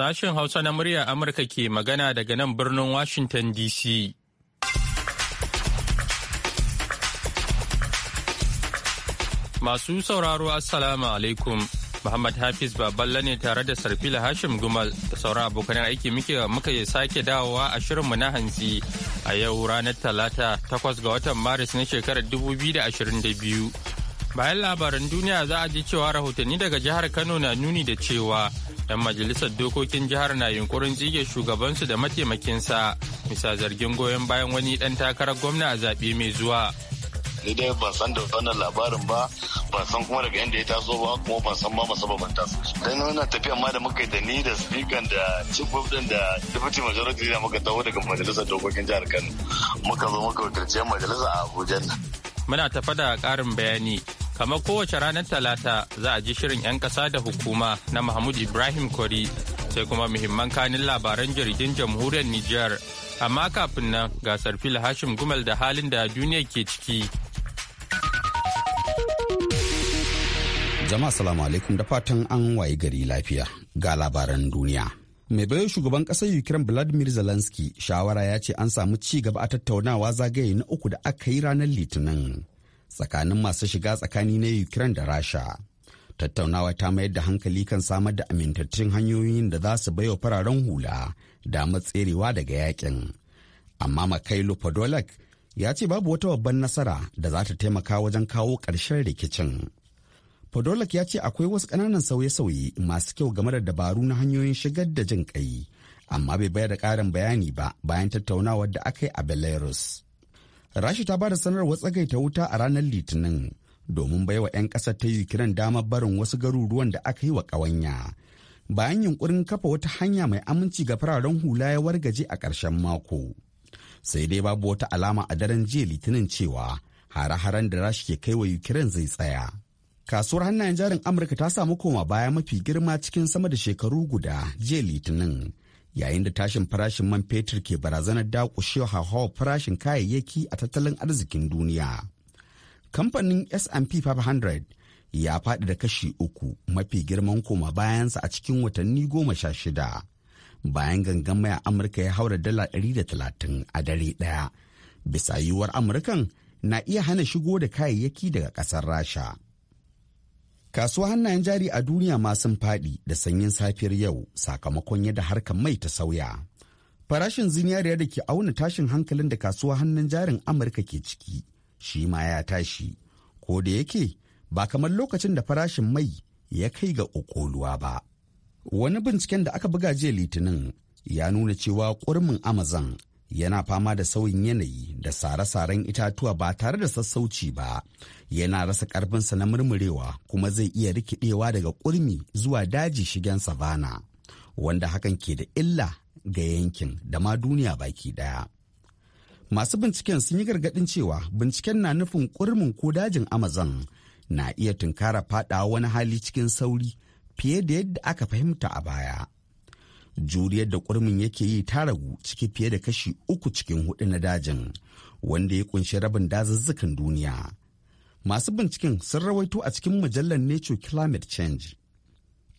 Sashen Hausa na murya Amurka ke magana daga nan birnin Washington DC. Masu sauraro Assalamu alaikum. Muhammad Hafiz Baballa ne tare da Sarfila Hashim Gumal da sauran abokan aiki muke muka sake dawowa a shirin mu na hantsi a yau ranar Talata takwas ga watan Maris na shekarar 2022. Bayan labaran duniya za a ji cewa rahotanni daga jihar Kano na nuni da cewa 'yan majalisar dokokin jihar na yunkurin tsige shugabansu da mataimakinsa bisa zargin goyon bayan wani ɗan takarar gwamna a zaɓe mai zuwa. ni dai ban san da wannan labarin ba ban san kuma daga inda ya taso ba kuma ban san ba ban taso dan wannan tafiya ma da muka yi da ni da speaker da chief din da deputy majority da muka taho daga majalisar dokokin jihar Kano muka zo muka wakilci majalisar a Abuja muna tafa da ƙarin bayani Kamar kowace ranar Talata za a ji shirin 'yan ƙasa da hukuma na Mahmud Ibrahim Kwari sai kuma muhimman kanin labaran jirgin jamhuriyar Nijar. Amma kafin nan gasar fil Hashim Gumal da halin da duniya ke ciki. Jama'a salamu alaikum da fatan an waye gari lafiya ga labaran duniya. Mai bayo shugaban kasar Ukraine Vladimir Zelensky shawara ya ce an samu ci gaba a tattaunawa zagaye na uku da aka yi ranar Litinin. tsakanin masu shiga tsakani na Ukraine da Rasha. Tattaunawa ta mayar da hankali kan samar da amintattun hanyoyin da za su baiwa fararen hula da matserewa daga yakin. Amma Makailo Podolak ya ce babu wata babban nasara da za ta taimaka wajen kawo ƙarshen rikicin. Podolak ya ce akwai wasu ƙananan sauye-sauye masu kyau game da dabaru na hanyoyin shigar da jin ƙai, amma bai bayar da ƙarin bayani ba bayan tattaunawar da aka yi a Belarus. Rashi ta ba da sanarwar tsagaita wuta a ranar Litinin domin baiwa 'yan ƙasar ta yi kiran damar barin wasu garuruwan da aka yi wa ƙawanya. Bayan yunkurin kafa wata hanya mai aminci ga fararen hula ya wargaje a ƙarshen mako. Sai dai babu wata alama a daren jiya Litinin cewa hare-haren da Rasha ke kai wa Ukraine zai tsaya. kasuwar hannayen jarin amurka ta samu koma baya mafi girma cikin sama da shekaru guda jiya litinin yayin da tashin farashin man fetur ke barazanar dakushewa hauhawar farashin kayayyaki a tattalin arzikin duniya. Kamfanin S&P 500 ya faɗi da kashi uku mafi girman koma bayansa a cikin watanni goma sha shida. Bayan gangan a Amurka ya haura dala 130 a dare ɗaya. Bisa yiwuwar Amurkan na iya hana shigo da kayayyaki daga ƙasar Rasha. Kasuwa hannayen jari a duniya ma sun faɗi da sanyin safiyar yau sakamakon yadda harkar mai ta sauya. Farashin zinariya da ke auna tashin hankalin da kasuwa hannun jarin Amurka ke ciki shi ma ya tashi, ko da yake ba kamar lokacin da farashin mai ya kai ga okoluwa ba. Wani binciken da aka buga jiya Litinin ya nuna cewa ƙurmin Amazon yana fama da sauyin yanayi da sare-saren itatuwa ba tare da sassauci ba yana rasa ƙarfinsa na murmurewa kuma zai iya rikidewa daga kurmi zuwa daji shigen savana wanda hakan ke da illa ga yankin da ma duniya baki daya. Masu binciken sun yi gargadin cewa binciken na nufin kurmin ko dajin Amazon na iya tunkara fada wani hali cikin sauri fiye da yadda aka fahimta a baya. Juriyar da kurmin yake yi ta ragu ciki fiye da kashi uku cikin hudu na dajin, wanda ya kunshi rabin dazuzzukan duniya. masu binciken sun rawaito a cikin mujallar nature climate change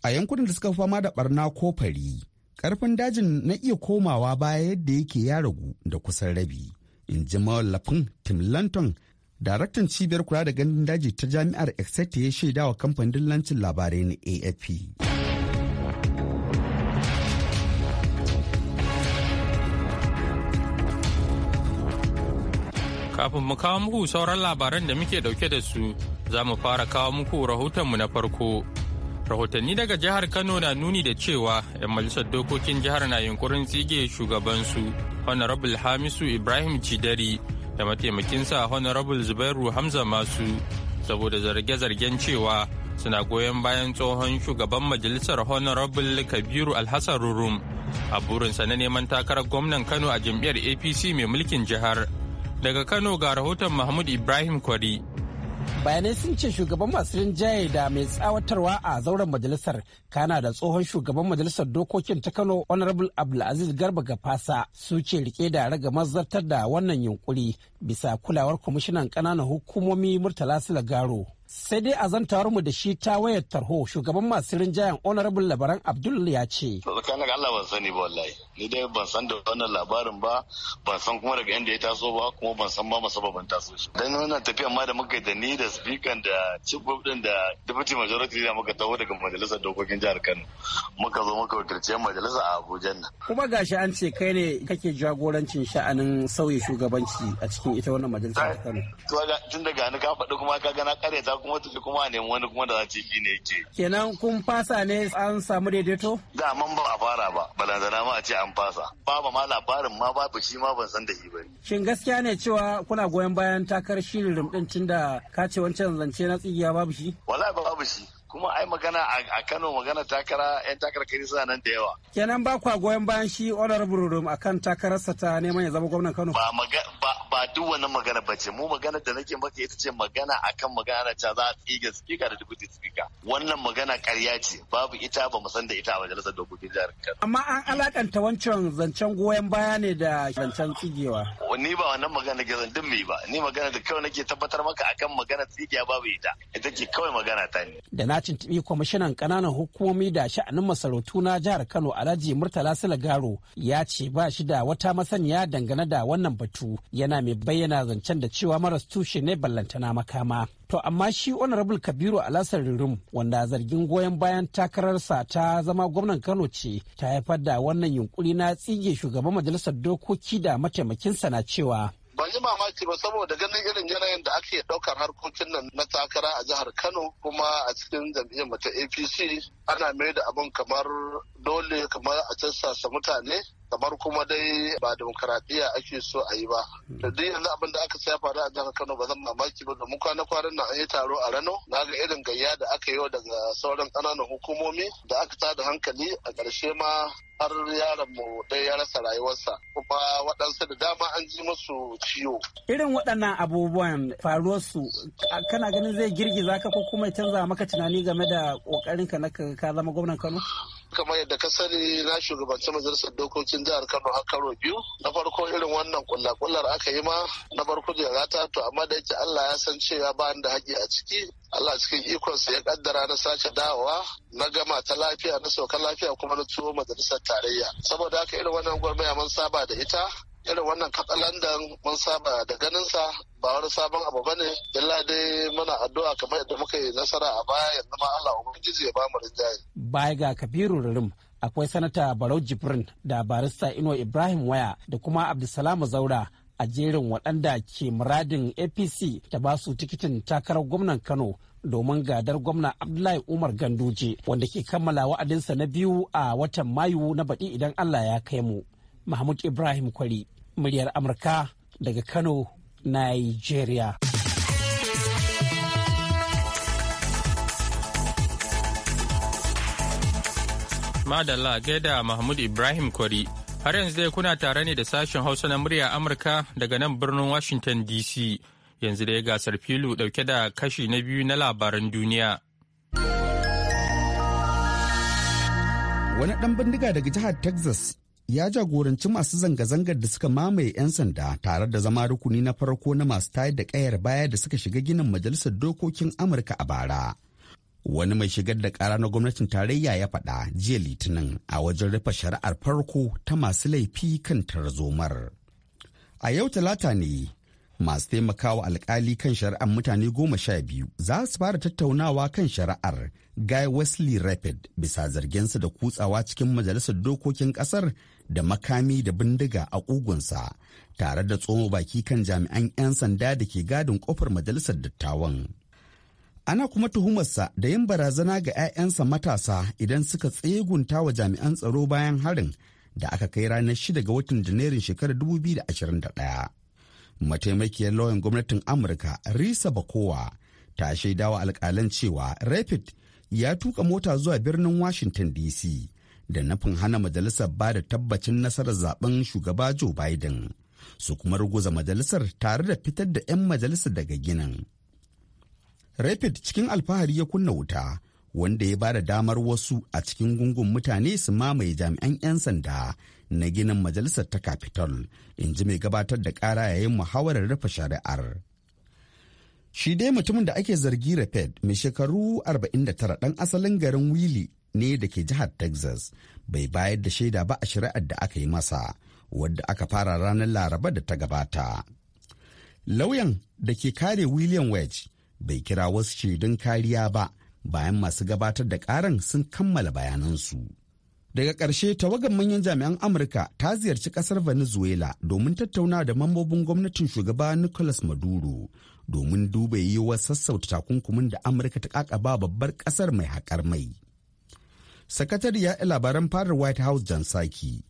a yankunan da suka fama da barna ko fari karfin dajin na iya komawa baya yadda yake ya ragu da kusan rabi in ji mawallafin tim lanton daraktan cibiyar kula da gandun daji ta jami'ar exeter ya shaidawa kamfanin lancin labarai na afp Kafin mu kawo muku sauran labaran da muke dauke da su, za mu fara kawo muku rahoton mu na farko. Rahotanni daga jihar Kano na nuni da cewa 'yan majalisar dokokin jihar na yunkurin tsige shugaban su Honorable Hamisu Ibrahim Cidari da mataimakinsa Honorable Zubairu Hamza Masu, saboda zarge-zargen cewa suna goyon bayan tsohon shugaban majalisar Honorable Kabiru Alhassan Rurum a burinsa na neman takarar gwamnan Kano a jam'iyyar APC mai mulkin jihar. Daga Kano ga rahoton Mahmud Ibrahim Kwari. bayanai sun ce shugaban masu rinjaye da mai tsawatarwa a zauren majalisar kana da tsohon shugaban majalisar dokokin ta kano honorable abdulaziz garba gafasa su ce rike da raga mazartar da wannan yunkuri bisa kulawar kwamishinan ƙananan hukumomi murtala silagaro sai dai a zantawar mu da shi ta wayar tarho shugaban masu rinjayen honorable labaran abdul ya ce tsakanin Allah ban sani ba wallahi ni dai ban san da wannan labarin ba ban san kuma daga inda ya taso ba kuma ban san ma musababan taso shi dan wannan tafiya ma da muka da ni da speaker da chief whip din da deputy majority da muka taho daga majalisar dokokin jihar Kano muka zo muka wakilce majalisa a Abuja kuma gashi an ce kai ne kake jagorancin sha'anin sauyi shugabanci a cikin cikin ita wannan majalisa ta Kano. Tun daga ni ka faɗi kuma ka gana kare ta kuma tafi kuma a nemi wani kuma da za ce shi ne ke. Kenan kun fasa ne an samu daidaito? Da man ba a fara ba balantana ma a ce an fasa. Babu ma labarin ma babu shi ma ban san da shi bane. Shin gaskiya ne cewa kuna goyon bayan takar shirin rumɗin tun da ka ce wancan zance na tsigiya babu shi? Wala babu shi. kuma ai magana a Kano magana takara yan takara kai suna nan da yawa kenan ba kwa goyon bayan shi honorable Rum akan takararsa ta neman ya zama gwamnan Kano ba ba ba duk wannan magana bace mu magana da nake maka ita ce magana akan magana ta za a tsiga speaker da deputy speaker wannan magana ƙarya ce babu ita ba mu san da ita a majalisar dokokin jihar Kano amma an alakanta wancan zancen goyon baya ne da zancen tsigewa ni ba wannan magana ke zan mai ba ni magana da kawai nake tabbatar maka akan magana tsigewa babu ita ita ce kawai magana ta ne da na tuntuɓi kwamishinan ƙananan hukumomi da sha'anin masarautu na jihar Kano Alhaji Murtala Silagaro ya ce ba shi da wata masaniya dangane da wannan batu yana mai bayyana zancen da cewa maras tushe ne ballantana makama. To amma shi Honorable Kabiru Alasar Rirum wanda zargin goyon bayan takararsa ta zama gwamnan Kano ce ta haifar da wannan yunkuri na tsige shugaban majalisar dokoki da mataimakinsa na cewa ban yi mamaki ba saboda ganin irin yanayin da ake daukar harkokin nan na takara a jihar kano kuma a cikin jam'iyyar mata apc ana mai da abin kamar dole kamar a sassasa mutane kamar kuma dai ba demokaradiyya ake so a yi ba da duk yanzu abin da aka saya faru a jihar kano ba zan mamaki ba domin kwana kwanan nan an yi taro a rano na ga irin gayya da aka yi daga sauran ƙananan hukumomi da aka ta da hankali a ƙarshe ma har yaron mu ɗaya ya rasa rayuwarsa kuma waɗansu da dama an ji musu ciwo. Irin waɗannan abubuwan faruwarsu kana ganin zai girgiza ka ko kuma canza maka tunani game da ƙoƙarin ka na ka zama gwamnan Kano? kamar yadda ka sani na shugabanci majalisar dokokin jihar kano har karo biyu na farko irin wannan kullakullar aka yi ma na farko da rata to amma da yake allah ya san cewa ba da haƙi a ciki allah cikin ikonsa ya kaddara na sake dawowa na gama ta lafiya na sauka lafiya kuma na tuwo majalisar tarayya saboda haka irin wannan gwamnati mun saba da ita irin wannan katsalandan mun saba da ganinsa ba wani sabon abu bane illa dai muna addu'a kamar yadda muka yi nasara a baya yanzu ma Allah ubangiji ya bamu rinjaye baya ga Kabiru Rurum akwai sanata Barau Jibrin da barista Ino Ibrahim Waya da kuma Abdulsalam Zaura a jerin waɗanda ke muradin apc ta ba su tikitin takarar gwamnan kano domin gadar gwamna abdullahi umar ganduje wanda ke kammala wa'adinsa na biyu a watan mayu na baɗi idan allah ya kai mu Mahmud Ibrahim Kwari, muryar Amurka daga Kano, Nigeria. Madalla gaida Mahmud Ibrahim Kwari. Har yanzu dai kuna tare ne da sashen Hausa na muryar Amurka daga nan birnin Washington DC. Yanzu dai gasar filu dauke da kashi na biyu na labaran duniya. Wani ɗan bindiga daga jihar Texas ya jagoranci masu zanga-zangar da suka mamaye 'yan sanda tare da zama rukuni na farko na masu tayar da kayar baya da suka shiga ginin majalisar dokokin amurka a bara wani mai shigar da kara na gwamnatin tarayya ya faɗa jiya litinin a wajen rufe shari'ar farko ta masu laifi kan tarzomar a yau talata ne masu taimakawa alkali kan shari'ar mutane goma sha biyu za su fara tattaunawa kan shari'ar guy wesley rapid bisa zargensa da kutsawa cikin majalisar dokokin kasar da makami da bindiga a ƙugunsa tare da tsoma baki kan jami'an 'yan sanda da ke gadin kofar majalisar dattawan ana kuma tuhumarsa da yin barazana ga 'ya'yansa matasa idan suka tsegunta wa jami'an tsaro bayan harin da aka kai ranar 6 ga watan janairun shekarar 2021 mataimakiyar lauyan gwamnatin amurka risa bakowa ta shaidawa alkalan cewa rapid ya tuka mota zuwa birnin washington dc da nufin hana majalisar ba da tabbacin nasarar zaben shugaba joe biden su kuma ruguza majalisar tare da fitar da 'yan majalisar daga ginin rapid cikin alfahari ya kunna wuta wanda ya ba da damar wasu a cikin gungun mutane su mamaye jami'an 'yan sanda na ginin majalisar ta capitol in ji mai gabatar da kara yayin muhawarar rufe shari'ar shi dai mutumin da ake zargi rapid mai shekaru 49 ɗan asalin garin wili ne da ke jihar texas bai bayar da shaida ba a shari'ar da aka yi masa wadda aka fara ranar laraba da ta gabata lauyan da ke kare william wedge bai kira wasu shaidun kariya ba bayan masu gabatar da karan sun kammala bayanansu. Daga ƙarshe tawagar manyan jami'an Amurka ta ziyarci ƙasar Venezuela domin tattauna da mambobin gwamnatin shugaba Nicolas Maduro domin duba yiwuwar sassauta takunkumin da Amurka ta kakaba babbar ƙasar mai haƙar mai. Sakatariya labaran fadar White House Jan Saki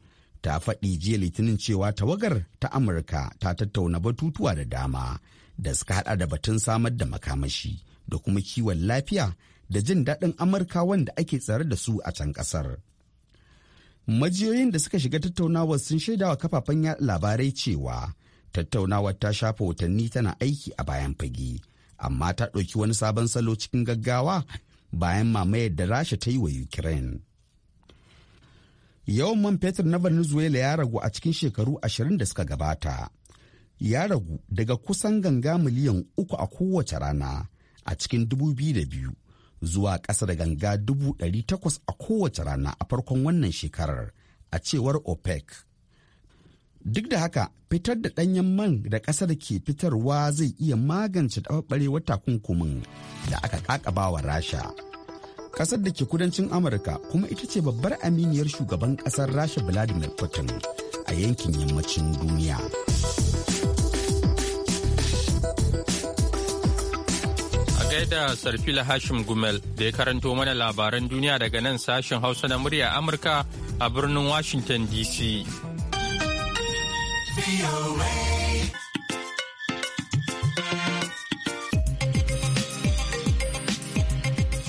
ta faɗi jiya litinin cewa tawagar ta Amurka ta tattauna batutuwa da dama da suka haɗa da batun samar da makamashi da kuma kiwon lafiya da jin daɗin Amurka wanda ake tsare da su a can ƙasar. majiyoyin da suka shiga tattaunawar sun shaidawa kafafen yaɗa labarai cewa tattaunawar ta shafa watanni tana aiki a bayan fage amma ta ɗauki wani sabon salo cikin gaggawa bayan mamayar da rasha ta yi wa ukraine yawan man fetur na venezuela ya ragu a cikin shekaru ashirin da suka gabata ya ragu daga kusan ganga miliyan uku a kowace rana a cikin dubu biyu zuwa ƙasa da ganga takwas a kowace rana a farkon wannan shekarar a cewar opec duk da haka fitar da ɗanyen man da ƙasar ke fitarwa zai iya magance taɓaɓɓarewar takunkumin da aka ƙaƙabawa rasha ƙasar da ke kudancin amurka kuma ita ce babbar aminiyar shugaban ƙasar rasha vladimir putin a yankin yammacin duniya. da Sarfila Hashim Gumel da ya karanto mana labaran duniya daga nan sashen Hausa na murya Amurka a birnin Washington DC.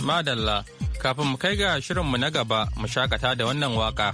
Madalla, kafin mu kai ga shirinmu na gaba mu shakata da wannan waka.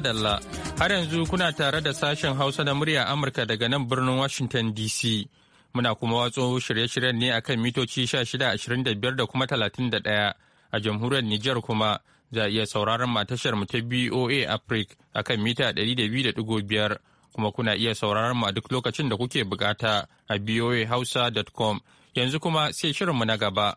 madalla har yanzu kuna tare da sashen hausa na murya amurka daga nan birnin washington dc muna kuma watso shirye-shiryen ne akan mitoci 1625 da kuma 31 a jamhuriyar niger kuma za a iya sauraron matashar mu ta boa africa akan mita 200.5 kuma kuna iya sauraron mu a duk lokacin da kuke bukata a boahausa.com yanzu kuma sai shirinmu na gaba.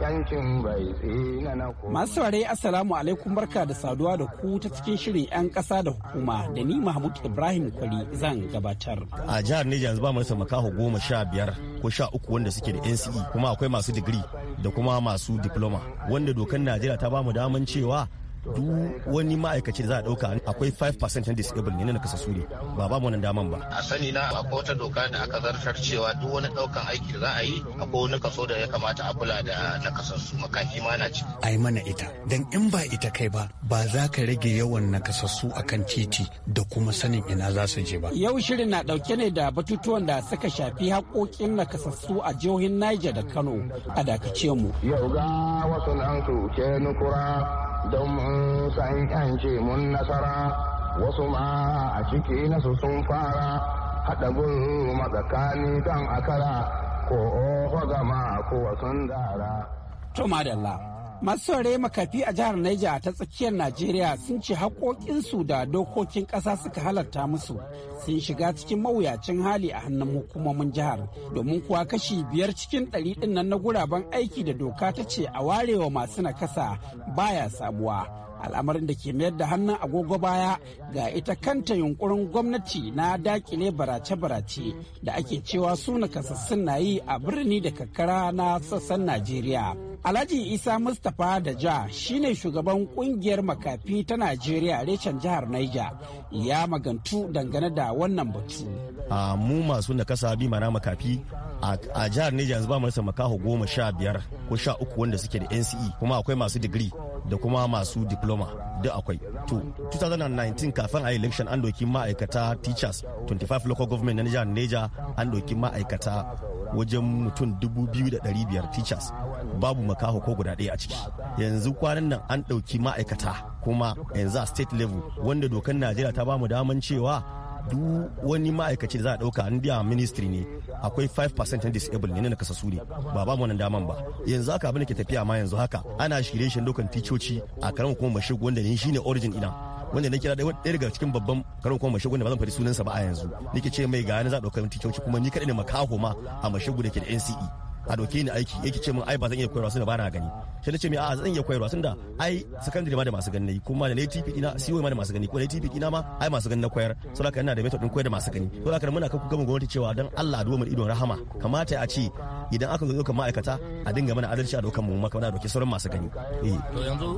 yancin bai na na Masu saurare Assalamu alaikum barka da saduwa da ku ta cikin shirin 'yan ƙasa da hukuma da ni Mahmud Ibrahim Kwari zan gabatar. A jihar Nijar yanzu ba mu rasa makaho goma sha biyar ko sha uku wanda suke da NCE kuma akwai masu digiri da kuma masu diploma wanda dokar Najeriya ta ba mu daman cewa duk wani ma'aikaci da za a ɗauka akwai 5% na disable ne na kasassu ne ba ba mu wannan daman ba. A sani na akwai wata doka da aka zartar cewa duk wani ɗaukan aiki da za a yi akwai wani kaso da ya kamata a kula da na su makafi ma na ci. A mana ita dan in ba ita kai ba ba za ka rage yawan na a kan titi da kuma sanin ina za su je ba. Yau shirin na ɗauke ne da batutuwan da suka shafi haƙoƙin na su a jihohin Niger da Kano a dakace mu. Yau ga wasu an su ke nukura don mun san ce mun nasara wasu ma a ciki nasu sun fara haɗa gulu matsakani kan akara ko oho ma ko sun dara. Tumadalla. Masu saurare makafi a jihar Niger ta tsakiyar Najeriya sun ce haƙoƙinsu da dokokin ƙasa suka halarta musu sun shiga cikin mawuyacin hali a hannun hukumomin jihar domin kuwa kashi biyar cikin ɗari ɗin nan na guraben aiki da doka ta ce a warewa masu nakasa baya sabuwa. al'amarin da ke mayar da hannun agogo baya ga ita kanta yunkurin gwamnati na dakile barace-barace da ake cewa su nakasassun na yi a birni da kakara na sassan najeriya alhaji isa mustapha da ja shine shugaban kungiyar makafi ta najeriya reshen jihar naija ya magantu dangane da wannan batu mu masu nakasa bi mana makafi a jihar naija yanzu ba mu rasa makaho goma sha biyar ko sha uku wanda suke da nce kuma akwai masu digiri da kuma masu diploma duk akwai to 2019 kafin a election an doki ma'aikata teachers 25 local government na nijar neja an doki ma'aikata wajen mutum 2,500 teachers babu makaho ko guda ɗaya a ciki yanzu kwanan nan an ɗauki ma'aikata kuma yanzu a state level wanda dokan najeriya ta bamu daman cewa duk wani ma'aikaci da za a ɗauka an biya ministry ne akwai 5% na disabled ne na kasasu ne ba ba wannan daman ba yanzu haka abin da ke tafiya ma yanzu haka ana shirye shi dokan ticoci a karan kuma mashi wanda ne shine origin ina wanda na kira ɗaya daga cikin babban karan kuma mashi wanda ba zan faɗi sunansa ba a yanzu nake ce mai ga ni za a ɗauka ticoci kuma ni kaɗai ne makaho ma a mashi da ke da NCE a doke ni aiki yake ce min ai ba zan iya koyarwa da ba na gani sai ne ce mai a zan iya koyarwa da ai secondary ma da masu gani kuma da native dina siwo e ma da masu gani ko native dina ma ai masu gani na koyar kan ina da method din koyar da masu gani saboda haka muna kan mun gwamnati cewa dan Allah duwa mun idon rahama kamata a ce idan aka zo ɗaukar ma'aikata a dinga mana adalci a dokan mu maka na doke sauran masu gani. Eh. to yanzu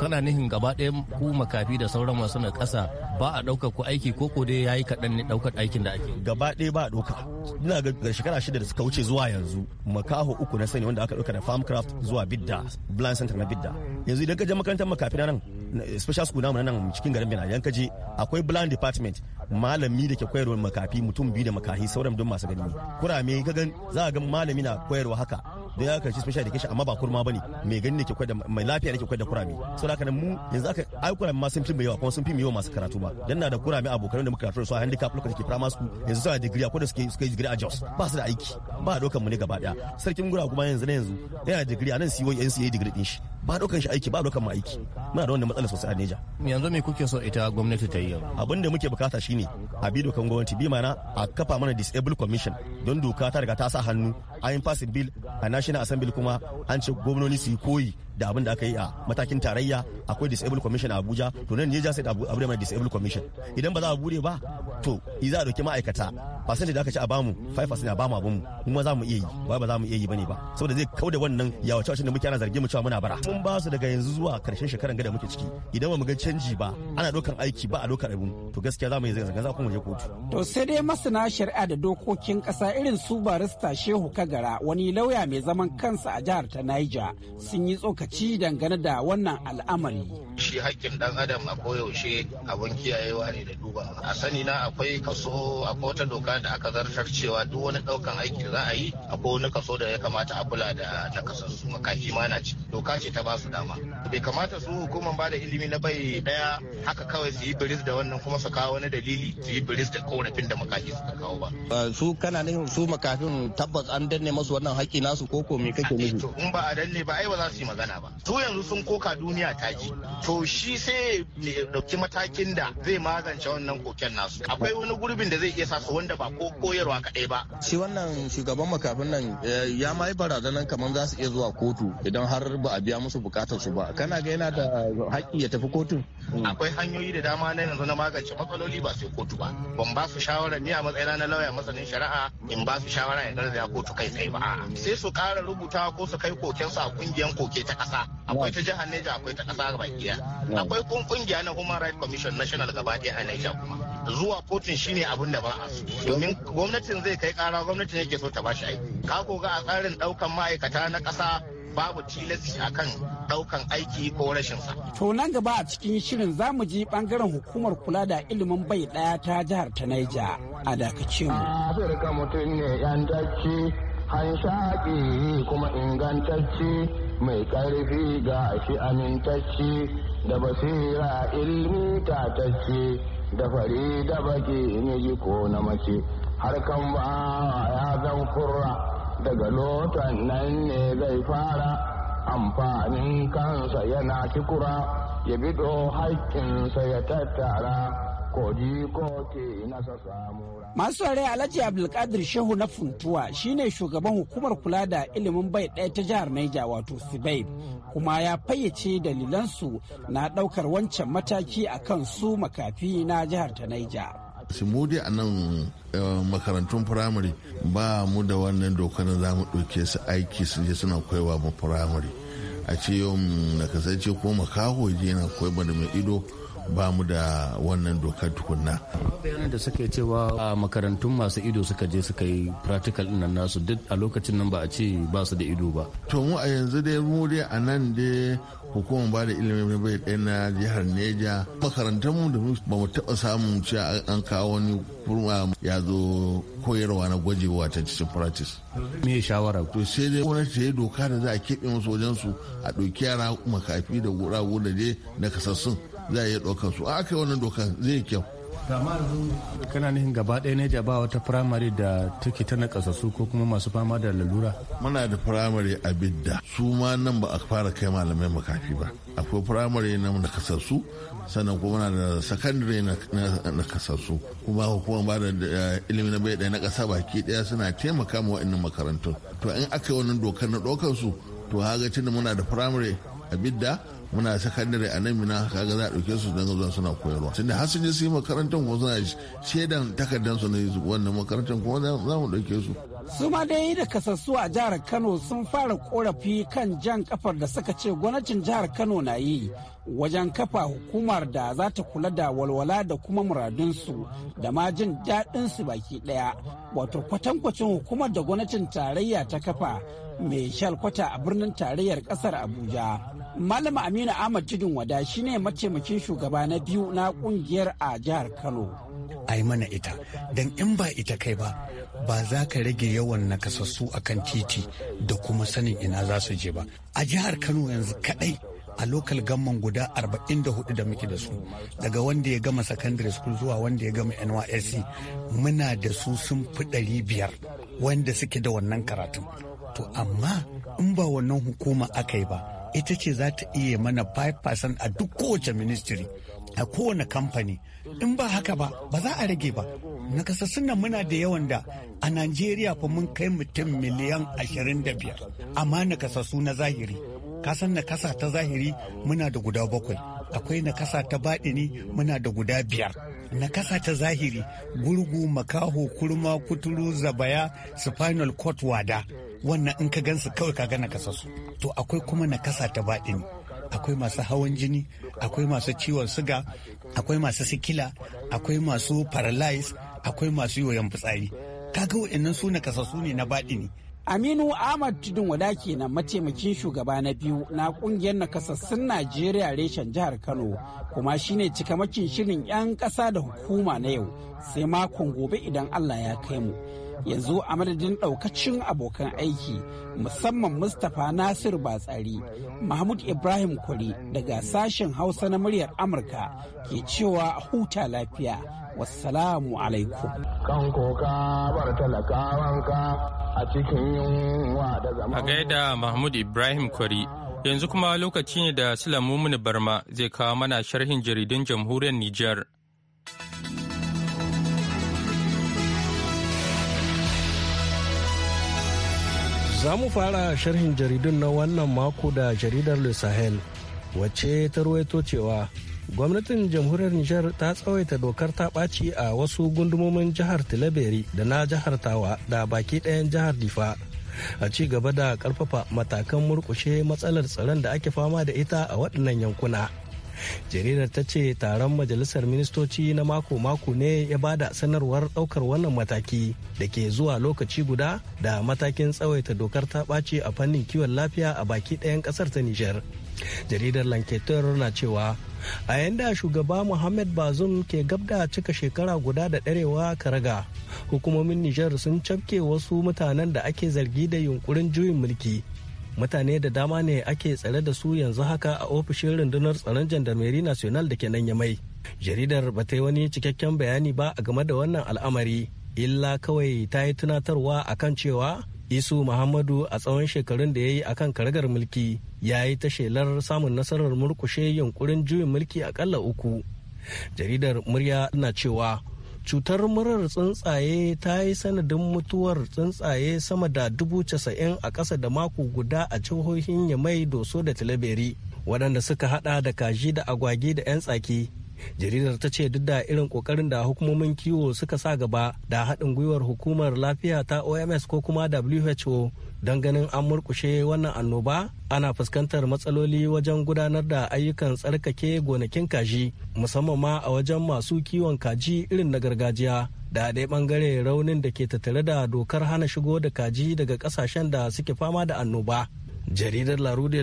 kana nihin gaba ɗaya ku makafi da sauran masu na ƙasa ba a ɗaukar ku aiki ko ko dai yayi kaɗan ne ɗaukar aikin da ake. gaba ɗaya ba a ɗauka ina ga shekara shida da suka wuce zuwa yanzu makaho uku na sani wanda aka ɗauka da farmcraft zuwa bidda blind center na bidda yanzu idan ka je makarantar makafi nan special school namu nan cikin garin benin idan ka je akwai blind department malami da ke koyarwa makafi mutum biyu da makahi sauran don masu gani kurame ka gan za ga malami na koyarwa haka da ya karshe special education amma ba kurma bane mai gani ke koyar da mai lafiya da ke koyar da kurame saboda haka mu yanzu aka ai kurame ma sun fi mai yawa kuma sun fi mai yawa masu karatu ba dan na da kurame abokan da muka karatu su a handicap lokacin ke primary school yanzu suna digiri akwai da suke suke degree digiri a Jos ba su da aiki ba dokan mu ne gaba daya sarkin gura kuma yanzu na yanzu yana digiri a nan COE NCA digiri din shi ba daukan shi aiki ba daukan mu aiki muna da wanda matsala sosai a Neja yanzu me kuke so ita gwamnati ta yi yau abin da muke bukata shine a bi dokan gwamnati bi mana a kafa mana disable commission don doka ta riga ta sa hannu an yi passing bill a national assembly kuma an ce gwamnoni su yi koyi da abin da aka yi a matakin tarayya akwai disabled commission a abuja to nan ne jasa da abu da mai disabled commission idan ba za a bude ba to i za a dauki ma'aikata percentage da aka ci a bamu 5% a bamu abin mu kuma za mu iya yi ba ba za mu iya yi bane ba saboda zai kau da wannan yawace wacin da muke ana zargin mu cewa muna bara mun ba su daga yanzu zuwa karshen shekaran gada muke ciki idan ba mu ga canji ba ana ɗaukar aiki ba a ɗaukar abin to gaskiya za mu yi zanga-zanga kuma je kotu to sai dai masana shari'a da dokokin kasa irin su barista shehu kan Manjagara wani lauya mai zaman kansa a jihar ta Niger sun yi tsokaci dangane da wannan al'amari. Shi hakkin dan adam a koyaushe abin kiyayewa ne da duba. A sani na akwai kaso a kota doka da aka zartar cewa duk wani daukan aiki za a yi akwai wani kaso da ya kamata a kula da nakasassu makafi ma na ciki. Doka ce ta ba su dama. Bai kamata su hukuman ba da ilimi na bai daya haka kawai su yi biris da wannan kuma su kawo wani dalili su yi biris da korafin da makaki suka kawo ba. Su kana nufin su makafin tabbas an danne masu wannan haƙƙi nasu ko ko me kake nufi to in ba a danne ba ai ba za su yi magana ba to yanzu sun koka duniya ta ji to shi sai ne dauki matakin da zai magance wannan koken nasu akwai wani gurbin da zai iya sa su wanda ba ko koyarwa kadai ba shi wannan shugaban makafin nan eh, ya mai barazanan kamar za su iya zuwa kotu idan har ba a biya musu bukatar su ba kana ga yana da haƙƙi ya tafi kotu akwai hanyoyi da dama na yanzu na magance matsaloli ba sai kotu ba ban ba su shawara ni a matsayina na lauya masanin shari'a in ba su shawara ya garzaya kotu kai kai ba sai su kara rubuta ko su kai koken su a kungiyar koke ta kasa akwai ta jihar Neja akwai ta ƙasa gaba ɗaya akwai kun kungiya na Human Rights Commission National gaba ɗaya a niger kuma zuwa kotun shine abin da ba a so domin gwamnatin zai kai ƙara gwamnatin yake so ta bashi aiki ka koga a tsarin ɗaukan ma'aikata na kasa babu tilasi a kan daukan aiki ko rashin sa. To nan gaba a cikin shirin za mu ji bangaren hukumar kula da ilimin bai daya ta jihar ta niger a dakace mu. rika mutum ne yan dace hanshaƙi kuma ingantacce mai ƙarfi ga shi amintacce da basira ilmi tatacce da fari da baki miji ko na mace harkan ba ya zan kurra daga lotan nan ne zai fara amfanin kansa yana kikura ya bido haƙƙinsa ya tattara Masu tsare Alhaji Abdulkadir Shehu na Funtuwa shine shugaban hukumar kula da ilimin bai ɗaya ta jihar Naija wato Sibaib kuma ya fayyace dalilansu na ɗaukar wancan mataki a kan su makafi na jihar ta Naija. Simudi a nan eh, makarantun firamare ba mu da wannan dokar za mu ɗauke su aiki su je suna koyawa mu firamare. A ce yau na kasance ko makaho je na koyar da mai ido ba mu da wannan dokar tukunna. bayanan da suka cewa a makarantun masu ido suka je suka yi practical ɗin nasu duk a lokacin nan ba a ce ba su da ido ba. to mu a yanzu dai mu dai a nan dai hukumar ba da ilimin bai ɗaya na jihar neja makarantarmu da ba mu taɓa samun cewa an kawo wani kurma ya zo koyarwa na gwajewa ta cikin practice. me shawara to sai dai wani ta yi doka da za a keɓe masu wajen su a ɗauki yara makafi da gura da dai na kasassun za a iya ɗaukar su aka yi wannan doka zai kyau kana nihin gaba ɗaya ne ba wata firamare da take ta na nakasassu ko kuma masu fama da lalura muna da firamare a bidda su ma nan ba a fara kai malamai makafi ba akwai firamare na na ƙasasu sannan kuma muna da sakandare na ƙasasu kuma hukumar ba da ilimi na bai ɗaya na ƙasa baki ɗaya suna taimaka ma wa'annan makarantun to in aka yi wannan dokar na ɗaukar su to haga tunda muna da firamare a bidda muna sakandare a nan mina kaga za a ɗauke su don zuwa suna koyarwa tunda har sun je su yi makarantar kuma suna shaidan takardar su ne wannan makarantar kuma za mu ɗauke su. su ma dai da kasassu a jihar kano sun fara korafi kan jan kafar da suka ce gwamnatin jihar kano na yi wajen kafa hukumar da za ta kula da walwala da kuma muradunsu da ma jin daɗinsu baki ɗaya wato kwatankwacin hukumar da gwamnatin tarayya ta kafa mai shalkwata a birnin tarayyar ƙasar abuja Malama Aminu Ahmad Jidin Wada shine mataimakin shugaba na biyu na kungiyar a jihar Kano. Ai mana ita, don in ba ita kai ba, ba za ka rage yawan nakasassu a kan titi da kuma sanin ina za su je ba. A jihar Kano yanzu kaɗai a lokal gamman guda 44 da muke da su daga wanda ya gama secondary school zuwa wanda ya gama nysc muna da su sun fi biyar wanda suke da wannan karatun to amma in ba wannan hukuma aka yi ba ita ce za ta iya mana 5% a duk kowace ministry a kowane kamfani in ba haka ba ba za a rage ba nakasassun nan muna da yawan da a najeriya fa mun kai mutum miliyan 25 amma nakasassu na zahiri kasan nakasa ta zahiri muna da guda bakwai akwai nakasa ta baɗini muna da guda biyar nakasa ta zahiri gurgu makaho kurma kuturu zabaya spinal cord wada wannan in ka gansu kawai ka ga su to akwai kuma nakasa ta baɗini akwai masu hawan jini akwai masu ciwon suga akwai masu sikila akwai masu paralyze akwai masu yoyon fitsari kaga waɗannan su nakasassu ne na baɗini Aminu Ahmad Tudun Wada kenan mataimakin shugaba na biyu na kungiyar nakasassun Najeriya reshen jihar Kano kuma shine cikamakin shirin 'yan ƙasa da hukuma na yau sai makon gobe idan Allah ya kai mu. yanzu a madadin daukacin abokan aiki musamman mustapha nasiru batsari mahmud ibrahim kwari daga sashen hausa na muryar amurka ke cewa huta lafiya wassalamu alaikum kan a gaida mahmud ibrahim kwari yanzu kuma lokaci ne da silamu barma zai kawo mana sharhin jaridun jamhuriyar nijar Za mu fara sharhin jaridun na wannan mako da jaridar Le Sahel wacce ta ruwaito cewa gwamnatin jamhuriyar Nijar ta tsawaita dokar ta ɓaci a wasu gundumomin jihar Tilaberi da na jihar Tawa da baki ɗayan jihar Difa. A ci gaba da ƙarfafa matakan murƙushe matsalar tsaron da ake fama da ita a waɗannan yankuna. jaridar ta ce taron majalisar ministoci na mako-mako ne ya bada sanarwar ɗaukar wannan mataki da ke zuwa lokaci guda da matakin tsawaita dokar ta ɓace a fannin kiwon lafiya a baki ɗayan ƙasar ta nijar jaridar lanketer na cewa a yanda shugaba muhammad bazum ke gabda cika shekara guda da ɗarewa karaga hukumomin nijar sun cafke wasu mutanen da ake zargi da yunkurin juyin mulki mutane da dama ne ake tsare da su yanzu haka a ofishin rundunar tsaron jandarmeri national da ke nan yamai jaridar ba ta yi wani cikakken bayani ba a game da wannan al'amari illa kawai ta yi tunatarwa akan cewa isu muhammadu a tsawon shekarun da ya yi akan karagar mulki ya yi ta shelar samun nasarar murkushe yunkurin juyin mulki akalla uku jaridar murya na cewa cutar murar tsuntsaye ta yi sanadin mutuwar tsuntsaye sama da dubu casa'in a ƙasa da mako guda a jihohin yamai doso da tilaberi waɗanda suka haɗa da kaji da agwagi da 'yan tsaki jaridar ta ce duk da irin kokarin da hukumomin kiwo suka sa gaba da haɗin gwiwar hukumar lafiya ta oms ko kuma who don ganin an murkushe wannan annoba ana fuskantar matsaloli wajen gudanar da ayyukan tsarkake gonakin kaji musamman ma a wajen masu kiwon kaji irin na gargajiya da ɗaya ɓangare raunin da ke tattare da dokar hana shigo da kaji daga ƙasashen da suke fama da annoba jaridar la rue de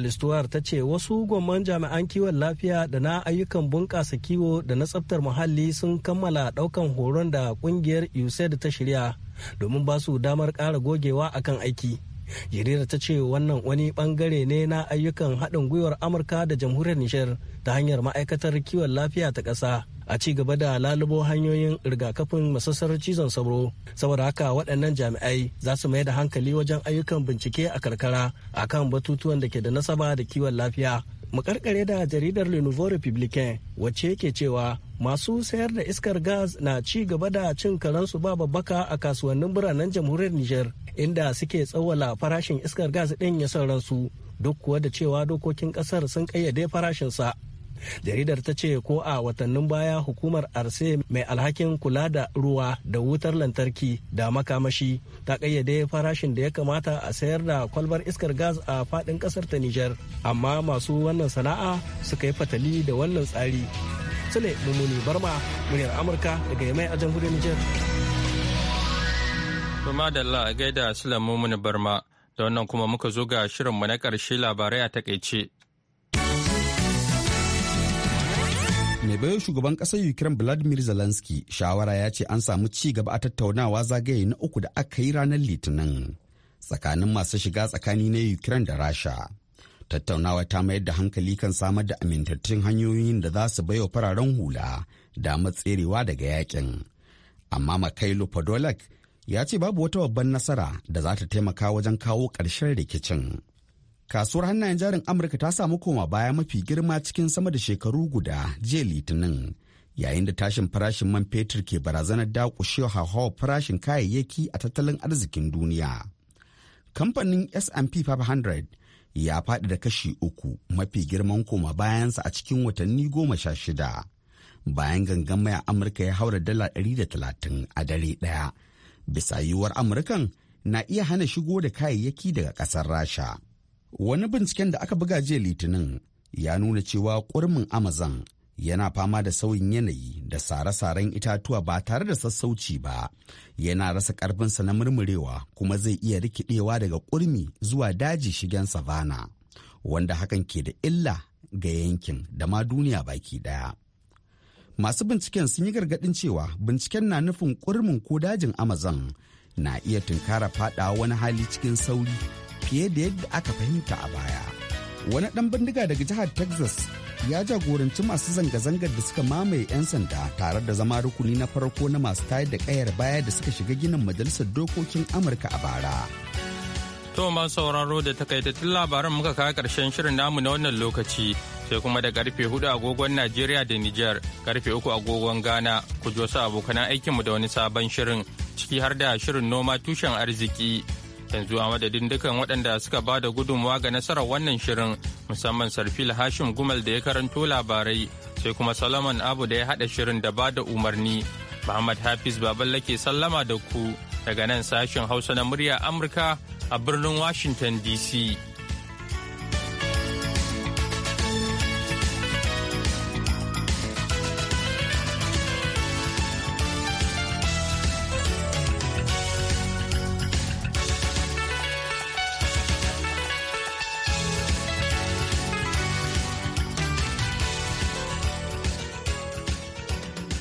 ta ce wasu gwamman jami'an kiwon lafiya da na ayyukan bunƙasa kiwo da na tsaftar muhalli sun kammala ɗaukan horon da ƙungiyar usaid ta shirya domin ba su damar ƙara gogewa akan aiki jaridar ta ce wannan wani bangare ne na ayyukan haɗin gwiwar amurka da jamhuriyar nishar ta hanyar ma'aikatar kiwon lafiya ta ƙasa a ci gaba da lalubo hanyoyin rigakafin masassarar cizon sauro saboda haka waɗannan jami'ai za su mai da hankali wajen ayyukan bincike a karkara akan batutuwan da ke da nasaba da kiwon lafiya makarkare da jaridar le nouveau republicain wacce ke cewa masu sayar da iskar gas na ci gaba da cin karansu ba babbaka a kasuwannin biranen jamhuriyar niger inda suke tsawala farashin iskar gas ɗin ya ransu. duk kuwa da cewa dokokin ƙasar sun ƙayyade farashinsa jaridar ta ce ko a watannin baya hukumar arse mai alhakin kula da ruwa da wutar lantarki da makamashi ta kayyade farashin da ya kamata a sayar da kwalbar iskar gas a fadin kasar ta nijar amma masu wannan sana'a suka yi fatali da wannan tsari sule mummuni barma muryar amurka daga yamai a jamhuriyar nijar Tuma da Allah gaida Barma, da wannan kuma muka zo ga shirin mu na ƙarshe labarai a takaice. mai bayan shugaban kasar ukraine vladimir zelensky shawara ya ce an samu ci gaba a tattaunawa zagaye na uku da aka yi ranar litinin tsakanin masu shiga tsakani na ukraine da rasha tattaunawa ta mayar da hankali kan samar da amintattun hanyoyin da za su baiwa fararen hula da matserewa daga yakin amma makailo podolak ya ce babu wata babban nasara da za ta taimaka wajen kawo ƙarshen rikicin. kasuwar hannayen jarin amurka ta samu koma baya mafi girma cikin sama da shekaru guda jiya litinin yayin da tashin farashin man fetur ke barazanar dakushe hauhawar farashin kayayyaki a tattalin arzikin duniya kamfanin S&P 500 ya faɗi da kashi uku mafi girman koma bayansa a cikin watanni goma sha shida bayan gangan a amurka ya haura dala 130 a dare ɗaya bisa yiwuwar amurkan na iya hana shigo da kayayyaki daga ƙasar rasha Wani binciken da aka buga jiya Litinin ya nuna cewa kurmin Amazon yana fama da sauyin yanayi da sare-saren itatuwa ba tare da sassauci ba, yana rasa ƙarfinsa na murmurewa kuma zai iya rikidewa daga kurmi zuwa daji shigen savana, wanda hakan ke da illa ga yankin da ma duniya baki daya. Masu binciken sun yi gargaɗin cewa binciken na nufin kurmin ko dajin Amazon na iya tunkara faɗawa wani hali cikin sauri fiye da yadda aka fahimta a baya wani ɗan bindiga daga jihar texas ya jagoranci masu zanga-zangar da suka mamaye 'yan sanda tare da zama rukuni na farko na masu tayar da kayar baya da suka shiga ginin majalisar dokokin amurka a bara to ma sauraro da takaitattun labaran muka kawo ƙarshen shirin namu na wannan lokaci sai kuma da karfe hudu agogon najeriya da nijar karfe uku agogon ghana ku ji wasu abokan aikinmu da wani sabon shirin ciki har da shirin noma tushen arziki yanzu a madadin dukan waɗanda suka ba da gudunmawa ga nasarar wannan shirin musamman sarfil hashim gumal da ya karanto labarai sai kuma solomon abu da ya haɗa shirin da ba da umarni muhammad hafiz baballa ke sallama da ku daga nan sashen hausa na murya amurka a birnin washington dc